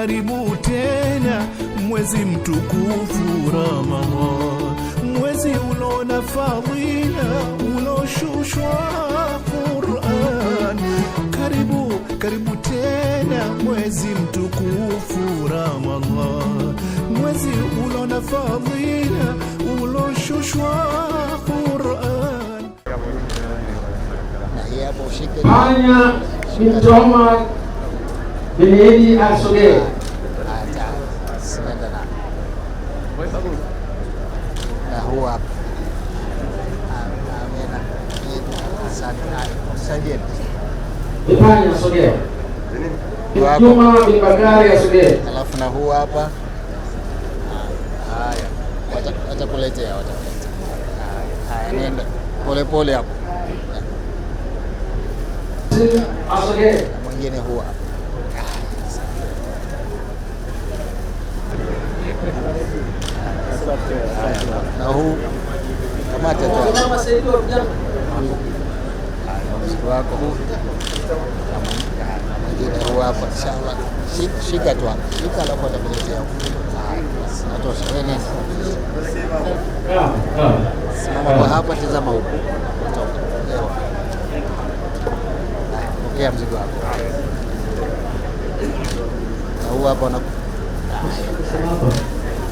karibu tena mwezi mtukufu Ramadhan, mwezi unaona fadhila unaoshushwa Qur'an. Karibu karibu tena mwezi mtukufu Ramadhan, mwezi unaona fadhila unaoshushwa Qur'an. Fanya mtoma Bibi Idi asogee. Juma bin Bakari asogee. Alafu na huu hapa. Haya. Watakuletea, watakuletea. nenda. Pole pole hapo. Asogee. Mwingine huu hapa. na huu kamata wako hapa, inshallah, shika tu hapa, shika alafu atakuletea natosha. Wewe simama kwa hapa, tazama huku, pokea mzigo wako na huu hapa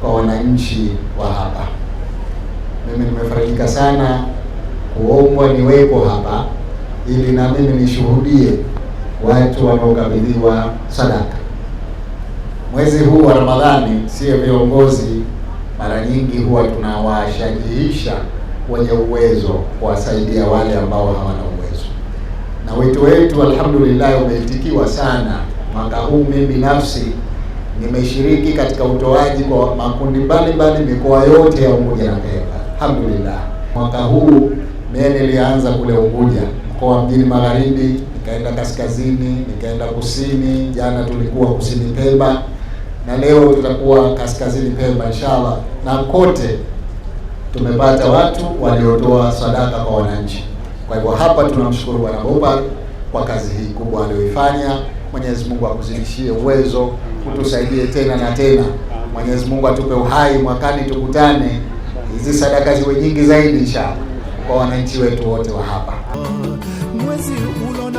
kwa wananchi wa hapa. Mimi nimefarijika sana kuombwa niwepo hapa ili na mimi nishuhudie watu wanaokabidhiwa sadaka. Mwezi huu wa Ramadhani, sio viongozi mara nyingi huwa tunawashajihisha wenye uwezo kuwasaidia wale ambao hawana uwezo, na wito wetu alhamdulillah umeitikiwa sana mwaka huu. Mimi binafsi Nimeshiriki katika utoaji kwa makundi mbalimbali mikoa yote ya Unguja na Pemba, alhamdulillah. Mwaka huu mimi nilianza kule Unguja mkoa mjini magharibi, nikaenda kaskazini, nikaenda kusini. Jana tulikuwa kusini Pemba na leo tutakuwa kaskazini Pemba inshallah, na kote tumepata watu waliotoa sadaka kwa wananchi. Kwa hivyo hapa tunamshukuru Bwana Bobak kwa kazi hii kubwa aliyoifanya. Mwenyezi Mungu akuzidishie uwezo utusaidie tena na tena. Mwenyezi Mungu atupe uhai, mwakani tukutane, hizi sadaka ziwe nyingi zaidi inshallah kwa wananchi wetu wote wa hapa.